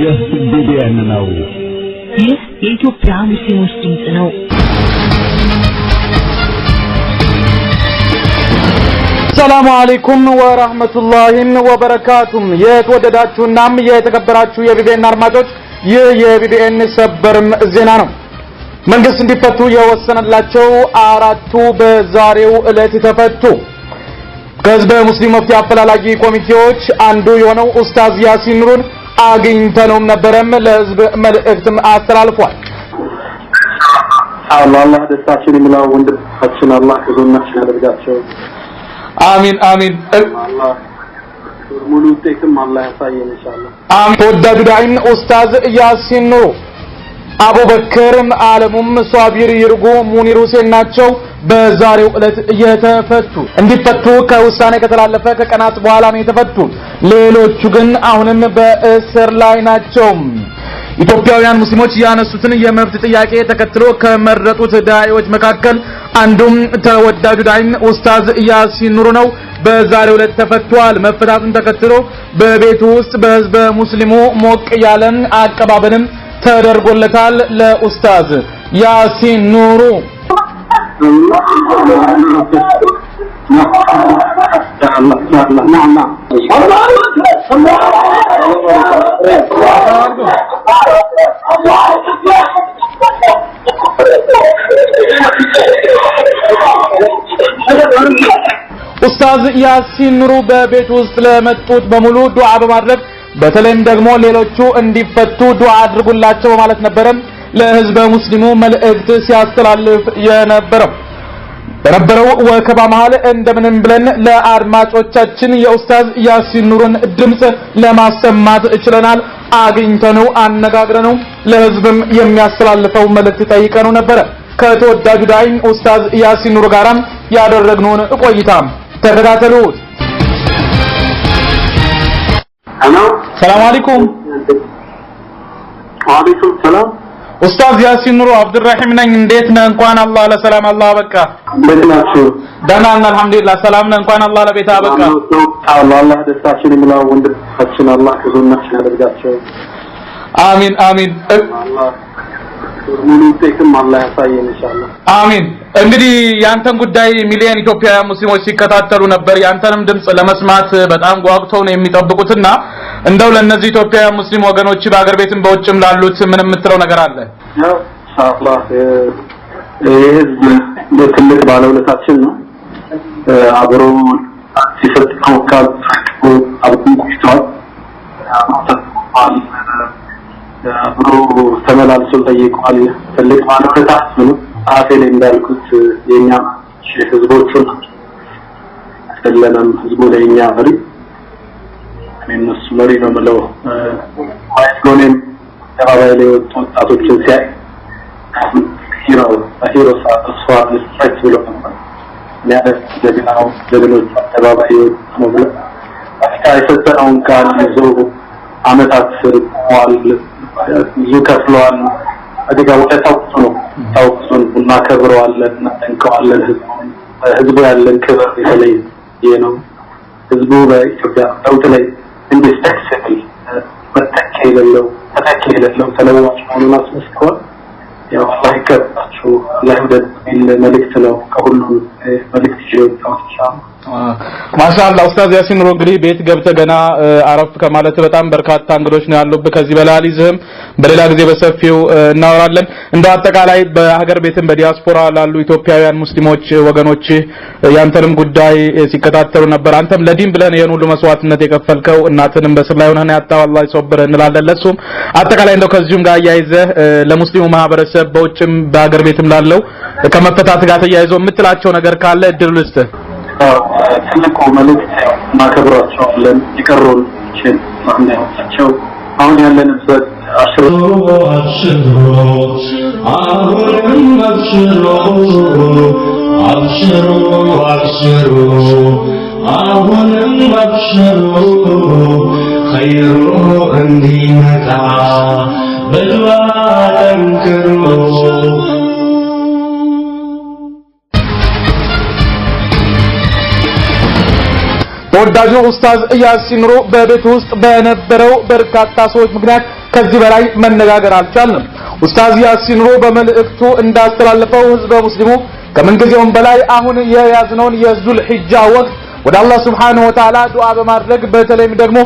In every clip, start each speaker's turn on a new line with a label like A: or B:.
A: ይህ ቢቢኤን ነው።
B: ይህ የኢትዮጵያ ሙስሊሞች ድምፅ ነው።
C: ሰላሙ አለይኩም ወራህመቱላሂ ወበረካቱም። የተወደዳችሁናም የተከበራችሁ የቢቢኤን አድማጮች ይህ የቢቢኤን ሰበር ዜና ነው። መንግስት እንዲፈቱ የወሰነላቸው አራቱ በዛሬው ዕለት ተፈቱ። ከህዝበ ሙስሊም መፍትሄ አፈላላጊ ኮሚቴዎች አንዱ የሆነው ኡስታዝ ያሲን ኑሩን አግኝተነውም ነበረም ለህዝብ መልእክትም አስተላልፏል።
D: አላህ አላህ ደስታችን ይሙላው ወንድማችን አላህ ከዞናችን ያደርጋቸው።
C: አሚን አሚን።
D: ሙሉ ውጤትም አላህ ያሳየን
C: ኢንሻአላህ። አሚን። ተወዳጁ ዳዒን ኡስታዝ ያሲን ኑሩ አቡበከርም አለሙም ሷቢር ይርጎ ሙኒር ሁሴን ናቸው። በዛሬው ዕለት የተፈቱ እንዲፈቱ ከውሳኔ ከተላለፈ ከቀናት በኋላ ነው የተፈቱ። ሌሎቹ ግን አሁንም በእስር ላይ ናቸው። ኢትዮጵያውያን ሙስሊሞች ያነሱትን የመብት ጥያቄ ተከትሎ ከመረጡት ዳዒዎች መካከል አንዱም ተወዳጁ ዳይን ኡስታዝ ያሲን ኑሩ ነው። በዛሬው ዕለት ተፈቷል። መፈታቱን ተከትሎ በቤቱ ውስጥ በህዝበ ሙስሊሙ ሞቅ ያለን አቀባበልም ተደርጎለታል። ለኡስታዝ ያሲን ኑሩ ኡስታዝ ያሲን ኑሩ በቤት ውስጥ ለመጡት በሙሉ ዱዓ በማድረግ በተለይም ደግሞ ሌሎቹ እንዲፈቱ ዱዓ አድርጉላቸው በማለት ነበረ ለህዝበ ሙስሊሙ መልእክት ሲያስተላልፍ የነበረው። በነበረው ወከባ መሃል እንደምንም ብለን ለአድማጮቻችን የኡስታዝ ያሲን ኑርን ድምፅ ለማሰማት ችለናል። አግኝተነው አነጋግረነው ለህዝብም የሚያስተላልፈው መልእክት ጠይቀነው ነበረ። ከተወዳጁ ዳይን ኡስታዝ ያሲን ኑሩ ጋራም ያደረግነውን ቆይታ ተከታተሉት። ሰላም አለይኩም
D: ወአለይኩም ሰላም
C: ኡስታዝ ያሲን ኑሮ አብዱራሂም ነኝ እንዴት ነህ እንኳን አላህ
D: ለሰላም አላህ በቃ እንዴት ናችሁ
C: ደህና ነን አልহামዱሊላህ ሰላም ነን እንኳን አላህ ለቤት አበቃ
D: አላህ ደስታችን ይሙላው ወንድማችን አላህ ከዞናችን ያደርጋቸው አሚን አሚን ውጤትም አላህ ያሳየን ኢንሻአላህ። አሚን።
C: እንግዲህ ያንተን ጉዳይ ሚሊዮን ኢትዮጵያ ሙስሊሞች ሲከታተሉ ነበር። ያንተንም ድምጽ ለመስማት በጣም ጓጉተው ነው የሚጠብቁትና እንደው ለነዚህ ኢትዮጵያ ሙስሊም ወገኖች በአገር ቤትም በውጭም ላሉት ምን የምትለው ነገር አለ? ያው ኢንሻአላህ
D: የህዝብ በትልቅ ባለውለታችን ነው። አብሮ ሲፈጥ ተወካል አብሮ ቆይተዋል። አብሮ ተመላልሶ ጠይቋል። ትልቅ ማለፈታ አስምኑ አፌ ላይ እንዳልኩት የኛ ህዝቦቹ አይደለንም። ህዝቡ ላይ እኛ እኔ እነሱ መሪ ነው ምለው ዋይስጎኔም ተባባይ ላይ ወጡ ወጣቶችን ሲያይ ሂራው ሂሮ ተስፋ ስፋት ብሎ ነበር ሊያደስ ጀግናው ጀግኖች አደባባይ ወጡ ነው ብለ አፍሪካ የሰጠነውን ቃል ይዞ አመታት ስር ቆሟል። ብዙ ከፍለዋል። አደጋ ውለታው ታውቁ ነው። ታውቁን ቡና ከብረዋለን፣ እናጠንቀዋለን። ህዝቡ ያለን ክብር የተለይ ይሄ ነው። ህዝቡ በኢትዮጵያ ለውጥ ላይ ኢንዲስፐንሳብል መተኪያ የሌለው የሌለው ተለዋጭ መሆኑን አስመስክሯል። ያው አላህ ይገባችሁ፣ አላህ ይውደድ የሚል መልእክት ነው ከሁሉም
C: ማሻአላ ኡስታዝ ያሲን ኑሮ እንግዲህ ቤት ገብተ ገና አረፍ ከማለት በጣም በርካታ እንግዶች ነው ያሉብህ። ከዚህ በላይ አልይዝህም። በሌላ ጊዜ በሰፊው እናወራለን። እንደ አጠቃላይ በሀገር ቤትም በዲያስፖራ ላሉ ኢትዮጵያውያን ሙስሊሞች ወገኖች ያንተንም ጉዳይ ሲከታተሉ ነበር። አንተም ለዲን ብለን ይሄን ሁሉ መስዋዕትነት የከፈልከው እናትንም በስር ላይ ሆነህ ያጣው አላህ ይሶብርህ እንላለን። ለሱም አጠቃላይ እንደው ከዚሁም ጋር አያይዘህ ለሙስሊሙ ማህበረሰብ በውጭም በሀገር ቤትም ላለው ከመፈታት ጋር ተያይዞ የምትላቸው ነገር ነገር ካለ
D: እድሉ ልስጥህ። ትልቁ መልእክት እናከብራቸዋለን የቀረውን ችን ማናያቸው አሁን ያለንበት አሽሮ
A: አሁንም አብሽሮ አብሽሮ አሁንም ኸይሩ እንዲመጣ በድዋ ጠንክሩ
C: ተወዳጁ ኡስታዝ ኢያስ ሲኑሩ በቤት ውስጥ በነበረው በርካታ ሰዎች ምክንያት ከዚህ በላይ መነጋገር አልቻልንም። ኡስታዝ ኢያስ ሲኑሩ በመልእክቱ እንዳስተላለፈው ህዝበ ሙስሊሙ ከምንጊዜውም በላይ አሁን የያዝነውን የዙል ሒጃ ወቅት ወደ አላህ ሱብሓነሁ ወተዓላ ዱዓ በማድረግ በተለይም ደግሞ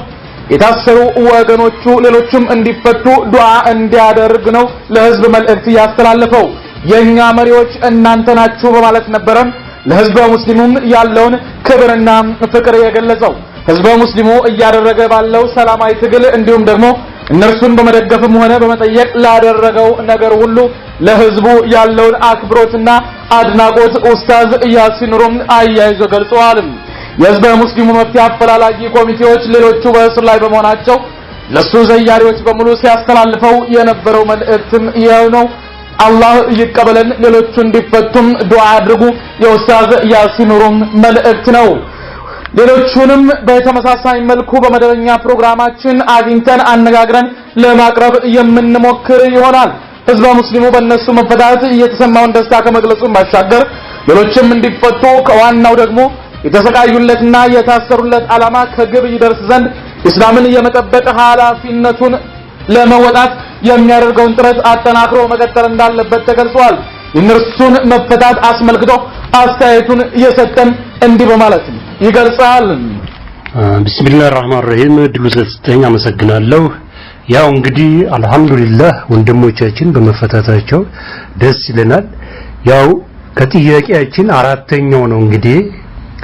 C: የታሰሩ ወገኖቹ ሌሎችም እንዲፈቱ ዱዓ እንዲያደርግ ነው ለህዝብ መልእክት ያስተላለፈው። የኛ መሪዎች እናንተ ናችሁ በማለት ነበረም ለህዝበ ሙስሊሙም ያለውን ክብርና ፍቅር የገለጸው ህዝበ ሙስሊሙ እያደረገ ባለው ሰላማዊ ትግል እንዲሁም ደግሞ እነርሱን በመደገፍም ሆነ በመጠየቅ ላደረገው ነገር ሁሉ ለህዝቡ ያለውን አክብሮትና አድናቆት ኡስታዝ ያሲን ሩም አያይዞ ገልጸዋል። የህዝበ ሙስሊሙ መፍትሄ አፈላላጊ ኮሚቴዎች ሌሎቹ በእስር ላይ በመሆናቸው ለሱ ዘያሪዎች በሙሉ ሲያስተላልፈው የነበረው መልእክትም ይኸው ነው። አላህ ይቀበለን። ሌሎቹ እንዲፈቱም ዱዓ አድርጉ። የኡስታዝ ያሲን ኑሩም መልእክት ነው። ሌሎቹንም በተመሳሳይ መልኩ በመደበኛ ፕሮግራማችን አግኝተን አነጋግረን ለማቅረብ የምንሞክር ይሆናል። ህዝበ ሙስሊሙ በእነሱ መፈታት እየተሰማውን ደስታ ከመግለጹን ባሻገር ሌሎችም እንዲፈቱ ከዋናው ደግሞ የተሰቃዩለትና የታሰሩለት ዓላማ ከግብ ይደርስ ዘንድ ኢስላምን የመጠበቅ ኃላፊነቱን ለመወጣት የሚያደርገውን ጥረት አጠናክሮ መቀጠል እንዳለበት ተገልጿል። የእነርሱን መፈታት አስመልክቶ አስተያየቱን እየሰጠን እንዲህ በማለት
E: ይገልጻል። ቢስሚላህ ራህማን ራሂም ድሉ ስለተሰጠኝ አመሰግናለሁ። ያው እንግዲህ አልሐምዱሊላህ ወንድሞቻችን በመፈታታቸው ደስ ይለናል። ያው ከጥያቄያችን አራተኛው ነው እንግዲህ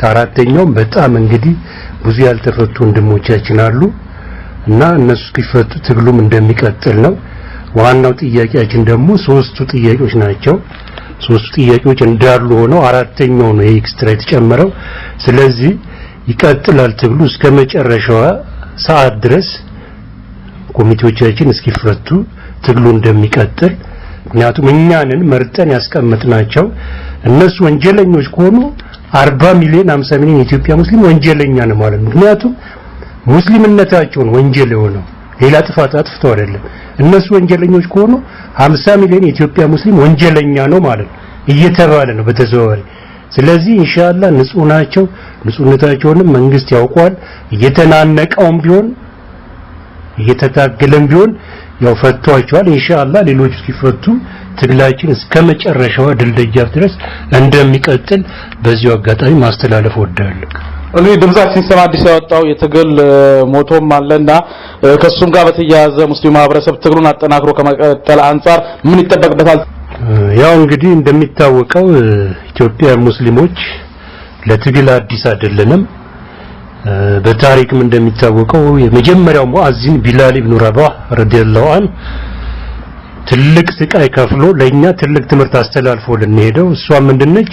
E: ከአራተኛው በጣም እንግዲህ ብዙ ያልተፈቱ ወንድሞቻችን አሉ። እና እነሱ እስኪፈቱ ትግሉም እንደሚቀጥል ነው። ዋናው ጥያቄያችን ደግሞ ሶስቱ ጥያቄዎች ናቸው። ሶስቱ ጥያቄዎች እንዳሉ ሆነው አራተኛው ነው ኤክስትራ የተጨመረው። ስለዚህ ይቀጥላል ትግሉ እስከ መጨረሻዋ ሰዓት ድረስ ኮሚቴዎቻችን እስኪፈቱ ትግሉ እንደሚቀጥል ምክንያቱም እኛንን መርጠን ያስቀመጥናቸው እነሱ ወንጀለኞች ከሆኑ አርባ ሚሊዮን 50 ሚሊዮን የኢትዮጵያ ሙስሊም ወንጀለኛ ነው ማለት ነው ምክንያቱም ሙስሊምነታቸውን ወንጀል የሆነው ሌላ ጥፋት አጥፍተው አይደለም። እነሱ ወንጀለኞች ከሆኑ 50 ሚሊዮን የኢትዮጵያ ሙስሊም ወንጀለኛ ነው ማለት ነው እየተባለ ነው በተዘዋዋሪ። ስለዚህ ኢንሻአላ ንጹህ ናቸው። ንጹህነታቸውንም መንግስት ያውቋል። እየተናነቀውም ቢሆን እየተታገለም ቢሆን ያው ፈቷቸዋል። ኢንሻአላ ሌሎች ሲፈቱ ትግላችን እስከ መጨረሻዋ ድልድያፍ ድረስ እንደሚቀጥል በዚሁ አጋጣሚ ማስተላለፍ ወዳለሁ። እኔ
C: ድምጻችን ሲሰማ አዲስ ያወጣው የትግል ሞቶም አለና ከሱም ጋር በተያያዘ ሙስሊም ማህበረሰብ ትግሉን አጠናክሮ ከመቀጠል አንጻር ምን ይጠበቅበታል?
E: ያው እንግዲህ እንደሚታወቀው ኢትዮጵያ ሙስሊሞች ለትግል አዲስ አይደለንም። በታሪክም እንደሚታወቀው የመጀመሪያው ሙአዚን ቢላል ኢብኑ ረባህ ረዲየላሁ ዐን ትልቅ ስቃይ ከፍሎ ለኛ ትልቅ ትምህርት አስተላልፎ ልንሄደው እሷ ምንድነች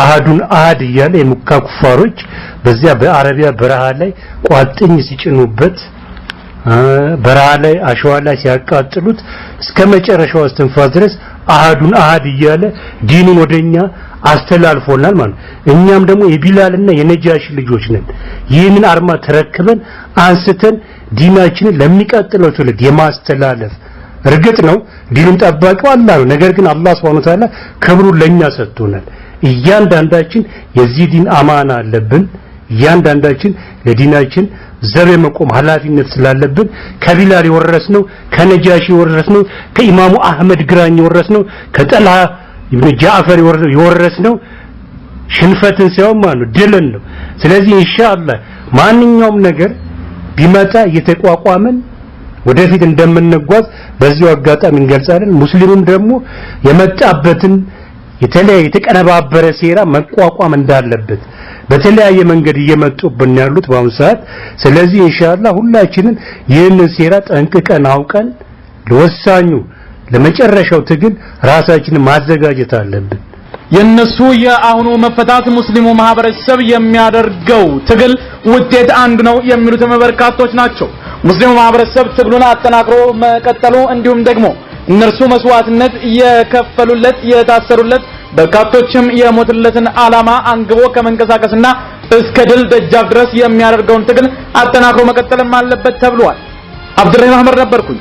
E: አሃዱን አሃድ እያለ የሙካ ኩፋሮች በዚያ በአረቢያ በረሃ ላይ ቋጥኝ ሲጭኑበት በረሃ ላይ አሸዋ ላይ ሲያቃጥሉት እስከ መጨረሻው እስትንፋስ ድረስ አሃዱን አሃድ እያለ ዲኑን ወደኛ አስተላልፎናል ማለት እኛም ደግሞ የቢላልና የነጃሽ ልጆች ነን ይህንን አርማ ተረክበን አንስተን ዲናችንን ለሚቀጥለው ትውልድ የማስተላለፍ እርግጥ ነው ዲኑን ጠባቂው አላህ ነው። ነገር ግን አላህ Subhanahu Ta'ala ክብሩን ለኛ ሰጥቶናል። እያንዳንዳችን የዚህ ዲን አማና አለብን። እያንዳንዳችን ለዲናችን ዘብ የመቆም ኃላፊነት ስላለብን ከቢላል የወረስነው፣ ከነጃሺ የወረስነው፣ ከኢማሙ አህመድ ግራኝ የወረስነው፣ ከጠላ ኢብኑ ጃዕፈር የወረስነው ሽንፈትን ሳይሆን ማለት ነው ድልን ነው። ስለዚህ ኢንሻአላህ ማንኛውም ነገር ቢመጣ እየተቋቋመን ወደፊት እንደምንጓዝ በዚሁ አጋጣሚ እንገልጻለን። ሙስሊሙም ደግሞ የመጣበትን የተለያየ የተቀነባበረ ሴራ መቋቋም እንዳለበት በተለያየ መንገድ እየመጡብን ያሉት በአሁኑ ሰዓት። ስለዚህ ኢንሻአላህ ሁላችንም ይህንን ሴራ ጠንቅቀን አውቀን ለወሳኙ ለመጨረሻው ትግል ራሳችንን ማዘጋጀት አለብን። የነሱ የአሁኑ መፈታት ሙስሊሙ ማህበረሰብ የሚያደርገው ትግል ውጤት አንድ ነው የሚሉት መበርካቶች ናቸው። ሙስሊሙ ማህበረሰብ ትግሉን አጠናክሮ መቀጠሉ እንዲሁም ደግሞ እነርሱ መስዋዕትነት የከፈሉለት የታሰሩለት በርካቶችም የሞትለትን ዓላማ አንግቦ ከመንቀሳቀስና እስከ ድል ደጃፍ ድረስ የሚያደርገውን ትግል አጠናክሮ መቀጠልም አለበት ተብሏል። አብዱራህማን አህመድ ነበርኩኝ።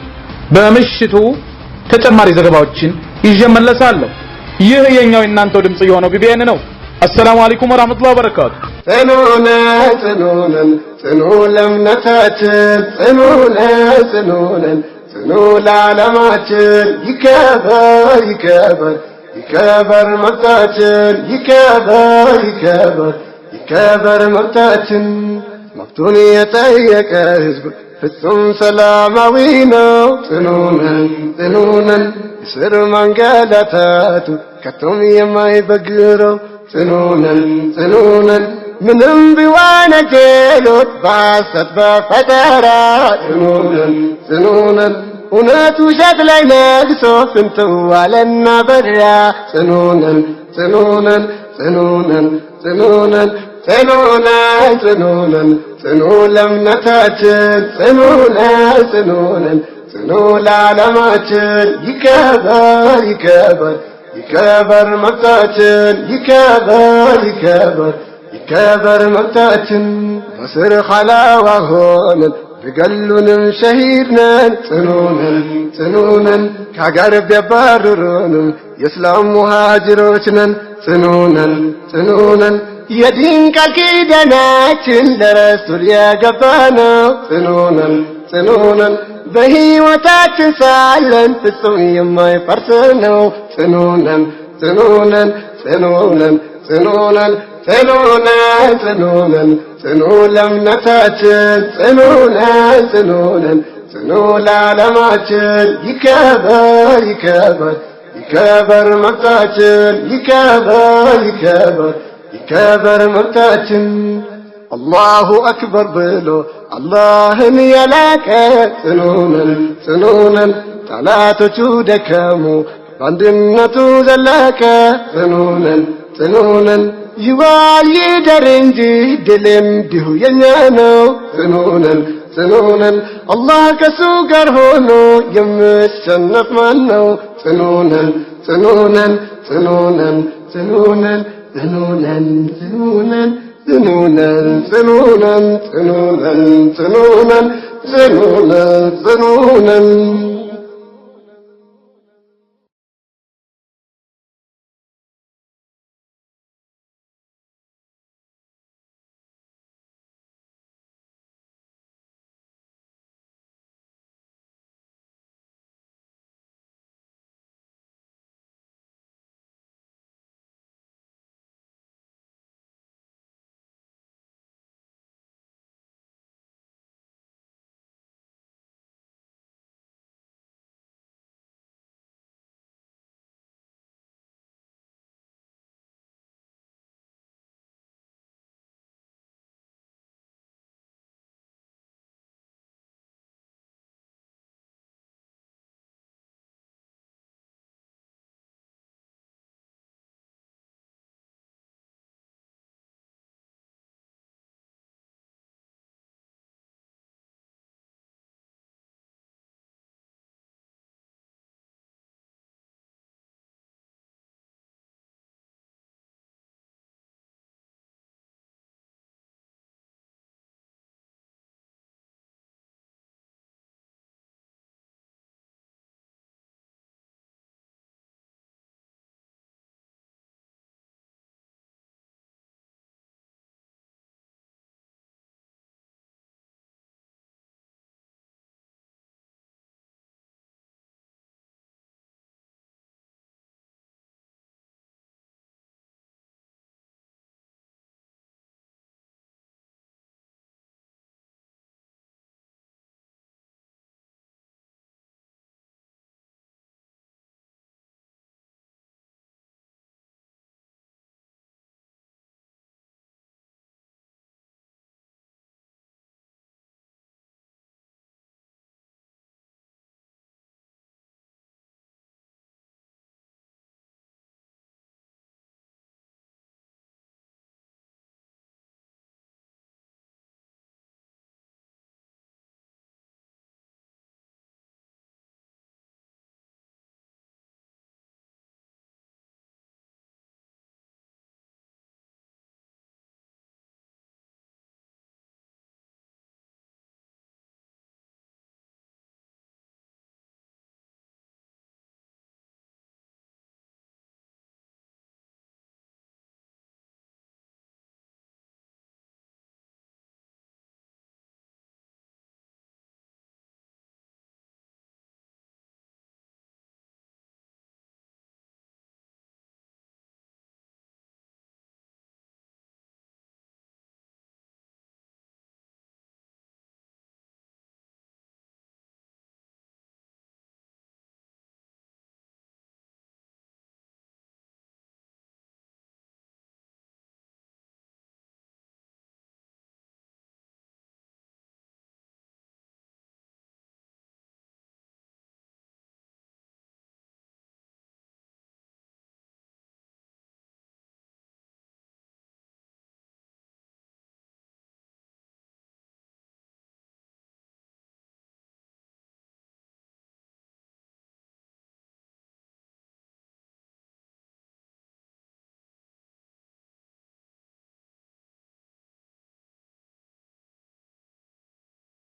E: በምሽቱ ተጨማሪ ዘገባዎችን ይዤ يه ينعو إنن تودم سيوانو ببيننو السلام عليكم ورحمة الله وبركاته
A: سنونا سنونا تنولا منتاتن سنونا سنونا سنونا على ماتن يكابر يكابر يكابر مرتاتن يكابر يكابر يكابر مرتاتن مقتوني يتأيك هزبر في الثم سلام عوينا سنونا تنونا يسر من قالتاتو كتم ما يبقروا سنونا سنونا منهم بوانا جيلو تباسط بفترات سنونا سنونا وناتو شكلي نقصو فنتو علينا برا سنونا سنونا سنونا سنونا سنونا سنونا سنونا منتاتن سنونا سنونا سنونا علماتن يكبر يكبر ይከበር መብታችን ይከበር ይከበር ይከበር መብታችን በስር ኻላዋ ሆነን ብገሉንም ሸሂድነን ጽኑነን ጽኑነን ካገር ቢያባርሩንም የእስላም ሙሃጅሮችነን ጽኑነን ጽኑነን የዲን ቃል ኪዳናችን ለረሱል የገባነው ጽኑነን سنونن بهي وتاك سالن تسوي ماي فرسنو سنونن سنونن سنونن سنونن سنونن سنونن سنولم نتاك سنونن سنونن سنول على ما تشل يكبر يكبر يكبر ما يكبر يكبر يكبر يكبر الله اكبر بلو الله يا لك سنونا سنونا تلا تجودك مو عندنا تزلك سنونا سنونا يوالي درنجي دلم ديو ينانو سنونا سنونا الله كسوكر هونو يمشن نفمنو سنونا سنونا سنونا سنونا سنونا سنونا ذنونا ذنونا ذنونا ذنونا ذنونا ذنونا